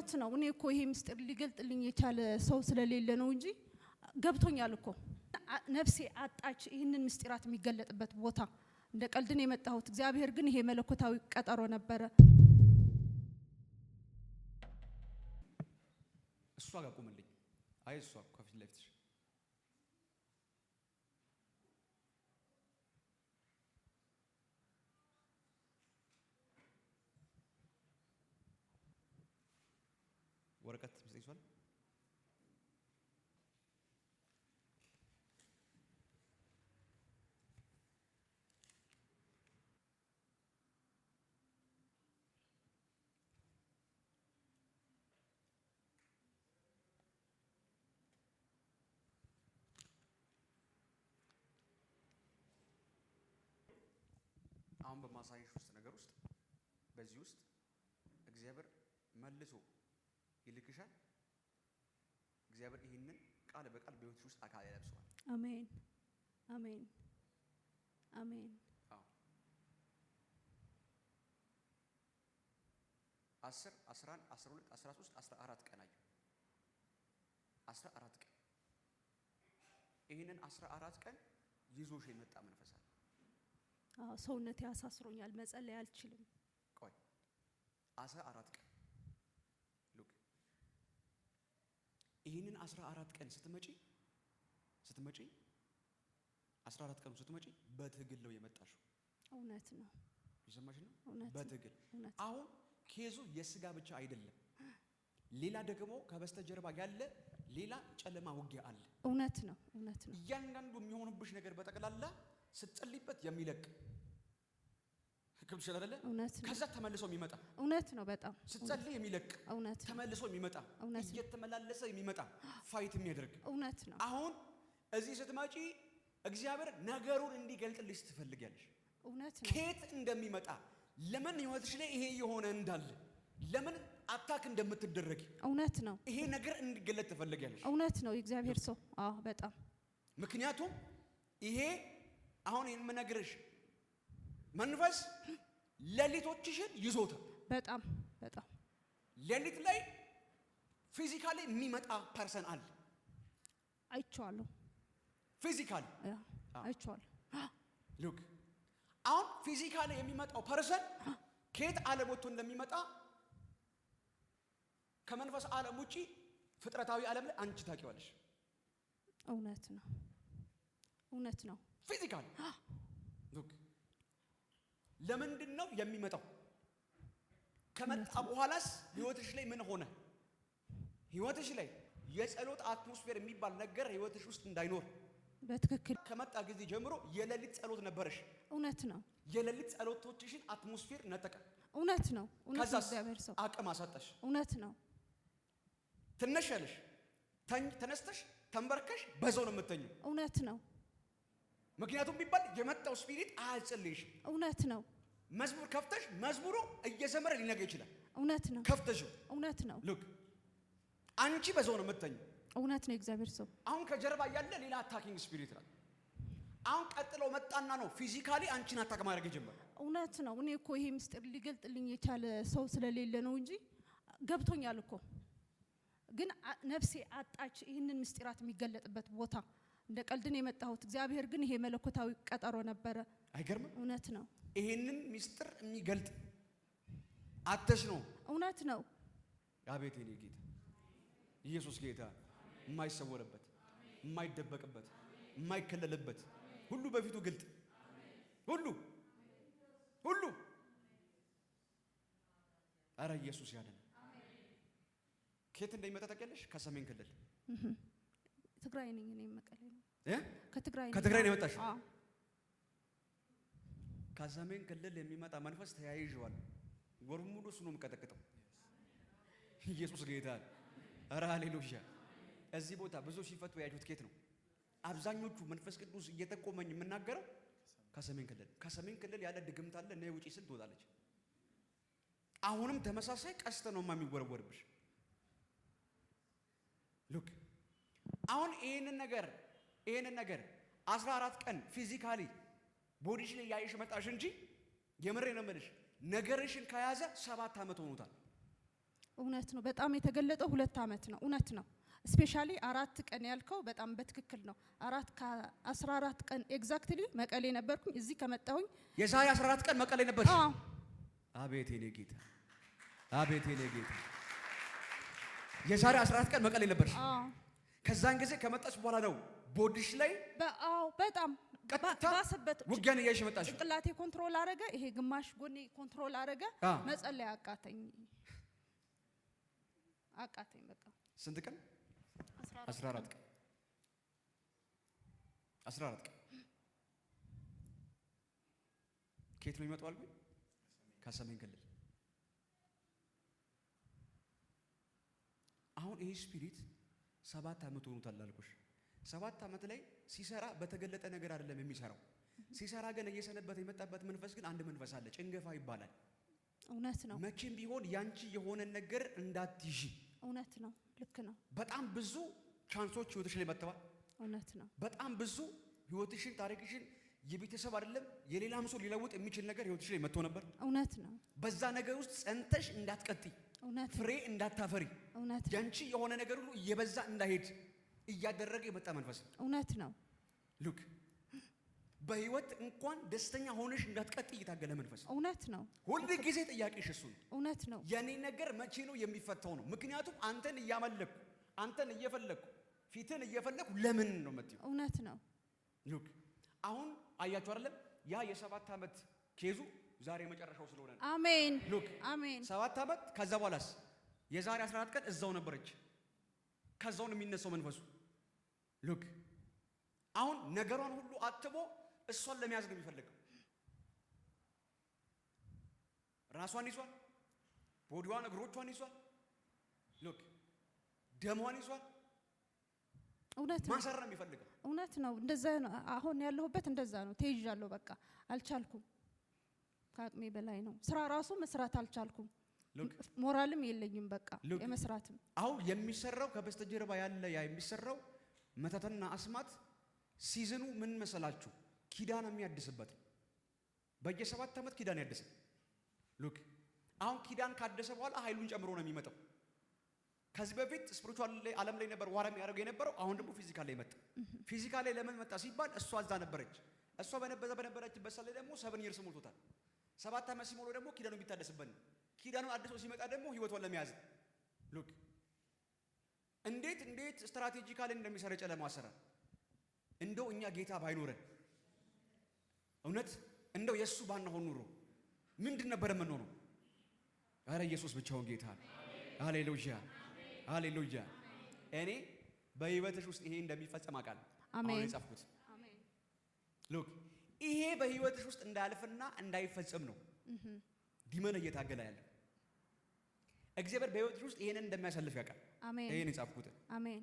እውነት ነው። እኔ እኮ ይሄ ምስጢር ሊገልጥልኝ የቻለ ሰው ስለሌለ ነው እንጂ ገብቶኛል እኮ ነፍሴ አጣች። ይህንን ምስጢራት የሚገለጥበት ቦታ እንደ ቀልድን የመጣሁት እግዚአብሔር ግን ይሄ መለኮታዊ ቀጠሮ ነበረ። እሷ ጋር ቁምልኝ። አይ እሷ ከፊት ለፊት ወረቀት መስጠት ይችላል። አሁን በማሳየሽ ውስጥ ነገር ውስጥ በዚህ ውስጥ እግዚአብሔር መልሶ ይልክሻል። እግዚአብሔር ይህንን ቃል በቃል በህይወት ውስጥ አካል ያለብሰዋል። አሜን፣ አሜን፣ አሜን። አስር አስራ አንድ አስራ ሁለት አስራ ሶስት አስራ አራት ቀን አየሁ። አስራ አራት ቀን ይህንን አስራ አራት ቀን ይዞሽ የመጣ መንፈስ አለ። ሰውነቴ አሳስሮኛል፣ መጸለይ አልችልም። ቆይ አስራ አራት ቀን ይህንን 14 ቀን ስትመጪ ስትመጪ 14 ቀኑ ስትመጪ በትግል ነው የመጣሽው። እውነት ነው። ነው። በትግል አሁን ኬዙ የስጋ ብቻ አይደለም። ሌላ ደግሞ ከበስተጀርባ ያለ ሌላ ጨለማ ውጊያ አለ። እውነት ነው። እውነት ነው። እያንዳንዱ የሚሆንብሽ ነገር በጠቅላላ ስትጸልይበት የሚለቅ ቅዱስ አይደለ? ከዛ ተመልሶ የሚመጣ እውነት ነው። በጣም ስትጸልይ የሚለቅ እውነት፣ ተመልሶ የሚመጣ እውነት፣ እየተመላለሰ የሚመጣ ፋይት የሚያደርግ እውነት ነው። አሁን እዚህ ስትመጪ እግዚአብሔር ነገሩን እንዲገልጥልሽ ትፈልጊያለሽ። እውነት ነው። ከየት እንደሚመጣ ለምን ህይወትሽ ላይ ይሄ የሆነ እንዳለ ለምን አታክ እንደምትደረግ እውነት ነው። ይሄ ነገር እንዲገለጥ ትፈልጊያለሽ። እውነት ነው። የእግዚአብሔር ሰው አዎ፣ በጣም ምክንያቱም ይሄ አሁን የምነግርሽ መንፈስ ሌሊቶችሽን ይዞታል። በጣም በጣም ሌሊት ላይ ፊዚካሊ የሚመጣ ፐርሰን አለ አይቼዋለሁ። ፊዚካሊ አይቼዋለሁ። ሉክ አሁን ፊዚካሊ የሚመጣው ፐርሰን ከየት ዓለም ወጥቶ እንደሚመጣ ከመንፈስ ዓለም ውጪ ፍጥረታዊ ዓለም ላይ አንቺ ታውቂዋለሽ። እውነት ነው፣ እውነት ነው። ፊዚካሊ ሉክ ለምንድን ነው የሚመጣው? ከመጣ በኋላስ ህይወትሽ ላይ ምን ሆነ? ህይወትሽ ላይ የጸሎት አትሞስፌር የሚባል ነገር ህይወትሽ ውስጥ እንዳይኖር በትክክል ከመጣ ጊዜ ጀምሮ የሌሊት ጸሎት ነበረሽ። እውነት ነው። የሌሊት ጸሎቶችሽን አትሞስፌር ነጠቀ። እውነት ነው። እውነት እግዚአብሔር ሰው አቅም አሳጣሽ። እውነት ነው። ትነሻለሽ። ተነስተሽ ተንበርከሽ በዛው ነው የምተኘው። እውነት ነው። ምክንያቱም ቢባል የመጣው ስፒሪት አያጸልይሽ። እውነት ነው። መዝሙር ከፍተሽ መዝሙሩ እየዘመረ ሊነገ ይችላል። እውነት ነው። ከፍተሽ እውነት ነው። ልክ አንቺ በዛው ነው የምትተኝ። እውነት ነው። እግዚአብሔር ሰው አሁን ከጀርባ ያለ ሌላ አታኪንግ ስፒሪት ነው። አሁን ቀጥሎ መጣና ነው ፊዚካሊ አንቺን አታክ ማድረግ የጀመረ። እውነት ነው። እኔ እኮ ይሄ ምስጢር ሊገልጥልኝ የቻለ ሰው ስለሌለ ነው እንጂ ገብቶኛል እኮ ግን ነፍሴ አጣች ይህንን ምስጢራት የሚገለጥበት ቦታ እንደ ቀልድን የመጣሁት እግዚአብሔር ግን ይሄ መለኮታዊ ቀጠሮ ነበረ። አይገርምም? እውነት ነው። ይህንን ሚስጥር የሚገልጥ አተሽ ነው። እውነት ነው። አቤት የኔ ጌታ ኢየሱስ ጌታ የማይሰወርበት የማይደበቅበት የማይከለልበት ሁሉ በፊቱ ግልጥ ሁሉ ሁሉ አረ ኢየሱስ ያለን ከየት እንደሚመጣ ታውቂያለሽ? ከሰሜን ክልል ትግራይ ነኝ እኔ መቀሌ ነው ከትግራይ ነው የመጣሽ? ከሰሜን ክልል የሚመጣ መንፈስ ተያይዤዋል። ወር ሙሉ እሱ ነው የምቀጠቅጠው። ኢየሱስ ጌታ ኧረ ሃሌሉያ። እዚህ ቦታ ብዙ ሲፈቱ ያዩት ኬት ነው አብዛኞቹ መንፈስ ቅዱስ እየጠቆመኝ የምናገረው ከሰሜን ክልል ከሰሜን ክልል ያለ ድግምት አለ እና የውጪ ስል ትወጣለች። አሁንም ተመሳሳይ ቀስተ ነው የሚወረወርብሽ ሉክ አሁን ይህንን ነገር ይህንን ነገር አስራ አራት ቀን ፊዚካሊ ቦዲሽ ላይ ያየሽ መጣሽ እንጂ የምሬ ነው የምልሽ ነገርሽን ከያዘ ሰባት ዓመት ሆኖታል። እውነት ነው። በጣም የተገለጠው ሁለት ዓመት ነው። እውነት ነው። ስፔሻሊ አራት ቀን ያልከው በጣም በትክክል ነው። አራት ከአስራ አራት ቀን ኤግዛክትሊ መቀሌ ነበርኩኝ። እዚህ ከመጣሁኝ የዛሬ አስራ አራት ቀን መቀሌ ነበርሽ። አቤት የኔ ጌታ፣ አቤት የኔ ጌታ። የዛሬ አስራ አራት ቀን መቀሌ ነበርሽ። ከዛን ጊዜ ከመጣች በኋላ ነው ቦዲሽ ላይ በጣም ባሰበት ውጊያን እያሽ መጣች። ጭንቅላቴ ኮንትሮል አረገ፣ ይሄ ግማሽ ጎኔ ኮንትሮል አረገ። መጸለይ አቃተኝ አቃተኝ። በቃ ስንት ቀን? 14 ቀን 14 ቀን። ከየት ነው የሚመጣው አልኩኝ? ከሰሜን ክልል። አሁን ይሄ ስፒሪት ሰባት ዓመት ሆኖታል አልኩሽ። ሰባት ዓመት ላይ ሲሰራ በተገለጠ ነገር አይደለም የሚሰራው። ሲሰራ ግን እየሰነበት የመጣበት መንፈስ ግን አንድ መንፈስ አለ፣ ጭንገፋ ይባላል። እውነት ነው። መቼም ቢሆን ያንቺ የሆነ ነገር እንዳትይዢ። እውነት ነው። ልክ ነው። በጣም ብዙ ቻንሶች ህይወትሽ ላይ መጥተዋል። እውነት ነው። በጣም ብዙ ህይወትሽን ታሪክሽን የቤተሰብ አይደለም የሌላም ሰው ሊለውጥ የሚችል ነገር ህይወትሽ ላይ መጥቶ ነበር። እውነት ነው። በዛ ነገር ውስጥ ጸንተሽ እንዳትቀጥይ፣ ፍሬ እንዳታፈሪ፣ ያንቺ የሆነ ነገር ሁሉ እየበዛ እንዳይሄድ እያደረገ የመጣ መንፈስ ነው። እውነት ነው። ሉክ በህይወት እንኳን ደስተኛ ሆነሽ እንዳትቀጥ እየታገለ መንፈስ እውነት ነው። ሁል ጊዜ ጥያቄሽ እሱ ነው። እውነት ነው። የኔ ነገር መቼ ነው የሚፈታው ነው። ምክንያቱም አንተን እያመለኩ አንተን እየፈለኩ ፊትን እየፈለኩ ለምን ነው መጥቶ እውነት ነው ሉክ አሁን አያችሁ አይደለም ያ የሰባት ዓመት ኬዙ ዛሬ መጨረሻው ስለሆነ ነው። አሜን ሉክ አሜን። ሰባት ዓመት ከዛ በኋላስ የዛሬ 14 ቀን እዛው ነበረች። ከዛው የሚነሳው መንፈሱ። ሉክ አሁን ነገሯን ሁሉ አትቦ እሷን ለመያዝ ነው የሚፈልገው። ራሷን ይዟል፣ ቦዲዋን እግሮቿን ይዟል፣ ሉክ ደሟን ይዟል። እውነት ነው። ማሰር ነው የሚፈልገው። እውነት ነው። እንደዛ ነው። አሁን ያለሁበት እንደዛ ነው። ተይዣለሁ። በቃ አልቻልኩም። ከአቅሜ በላይ ነው። ስራ ራሱ መስራት አልቻልኩም። ሞራልም የለኝም። በቃ የመስራትም አሁን የሚሰራው ከበስተጀርባ ያለ ያ የሚሰራው መተትና አስማት ሲዝኑ ምን መሰላችሁ? ኪዳን የሚያድስበት በየሰባት ዓመት ኪዳን ያድስ። ሉክ አሁን ኪዳን ካደሰ በኋላ ኃይሉን ጨምሮ ነው የሚመጣው። ከዚህ በፊት ስፕሪቹዋል ዓለም ላይ ነበር ዋራ የሚያደርገው የነበረው። አሁን ደግሞ ፊዚካል ላይ መጣ። ፊዚካል ላይ ለምን መጣ ሲባል እሷ እዛ ነበረች። እሷ በነበዛ በነበረችበት ሰዓት ላይ ደግሞ ሰብን ይርስ ሞልቶታል። ሰባት ዓመት ሲሞሉ ደግሞ ኪዳኑ ቢታደስበት ነው። ኪዳኑ አድሶ ሲመጣ ደግሞ ህይወቷን ለመያዝ ሉክ እንዴት እንዴት ስትራቴጂካል እንደሚሰራ ጨለማ እንደው እኛ ጌታ ባይኖረን እውነት እንደው የእሱ ባናሆን ኑሮ ምንድን ነበረ የምንሆነው? አረ ኢየሱስ ብቻውን ጌታ ነው። ሃሌሉያ ሃሌሉያ። እኔ በህይወትሽ ውስጥ ይሄ እንደሚፈጸም አውቃለሁ። አሜን። የጻፍኩት ሉክ ይሄ በህይወትሽ ውስጥ እንዳልፍና እንዳይፈጸም ነው ዲመን እየታገለ ያለው። እግዚአብሔር በህይወትሽ ውስጥ ይሄንን እንደሚያሳልፍ ያውቃል። ይሄን የጻፍኩት አሜን።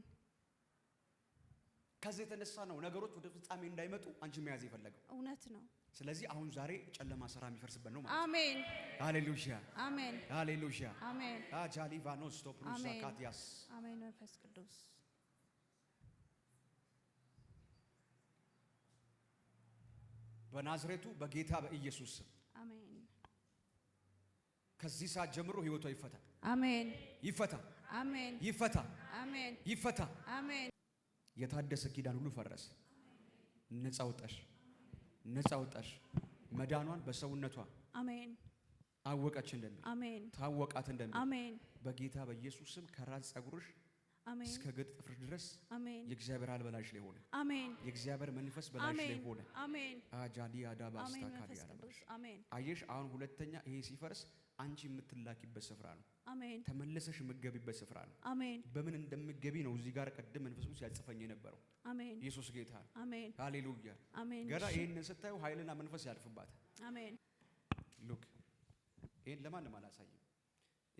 ከዚህ የተነሳ ነው ነገሮች ወደ ፍጻሜ እንዳይመጡ አንቺ መያዝ የፈለገው እውነት ነው። ስለዚህ አሁን ዛሬ ጨለማ ስራ የሚፈርስበት ነው ማለት አሜን፣ ሃሌሉያ፣ አሜን፣ ሃሌሉያ፣ አሜን። አጃሊቫኖስ ቶፕሩሳ ካቲያስ አሜን። መንፈስ ቅዱስ በናዝሬቱ በጌታ በኢየሱስ ስም አሜን። ከዚህ ሰዓት ጀምሮ ህይወቷ ይፈታ። አሜን። ይፈታ። አሜን። ይፈታ። አሜን። ይፈታ። አሜን። የታደሰ ኪዳን ሁሉ ፈረሰ። ነፃ ወጣሽ፣ ነፃ ወጣሽ። መዳኗን በሰውነቷ አሜን አወቀች እንደሚል አሜን ታወቃት እንደሚል አሜን በጌታ በኢየሱስ ስም ከራስ ጸጉርሽ እስከ ግጥ ጥፍርሽ ድረስ አሜን የእግዚአብሔር አልበላሽ ላይ ሆነ። አሜን የእግዚአብሔር መንፈስ በላሽ ላይ ሆነ። አሜን አጃዲ አዳባስታ ካዲያ አሜን። አየሽ አሁን ሁለተኛ ይሄ ሲፈርስ አንቺ የምትላኪበት ስፍራ ነው። አሜን። ተመለሰሽ የምትገቢበት ስፍራ ነው። አሜን። በምን እንደምትገቢ ነው እዚህ ጋር ቀድም መንፈስ ቅዱስ ያጽፈኝ የነበረው። አሜን። ኢየሱስ ጌታ። አሜን። ሃሌሉያ። አሜን። ገና ይሄንን ስታዩ ኃይልና መንፈስ ያልፍባት። አሜን። ሉክ ይሄን ለማንም አላሳይም።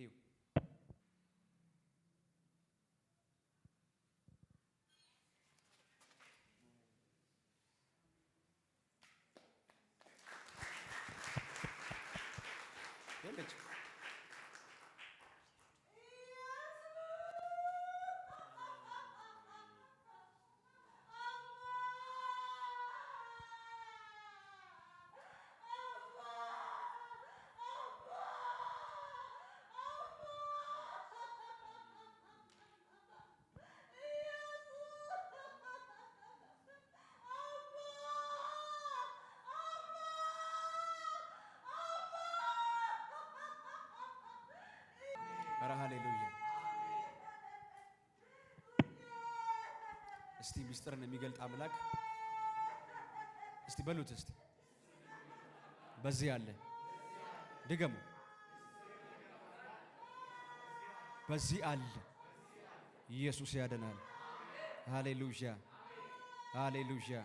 እዩ እስቲ ምስጢርን የሚገልጥ አምላክ እስቲ በሉት። እስቲ በዚህ ያለ ድገሙ። በዚህ አለ ኢየሱስ ያድናል። ሃሌሉያ ሃሌሉያ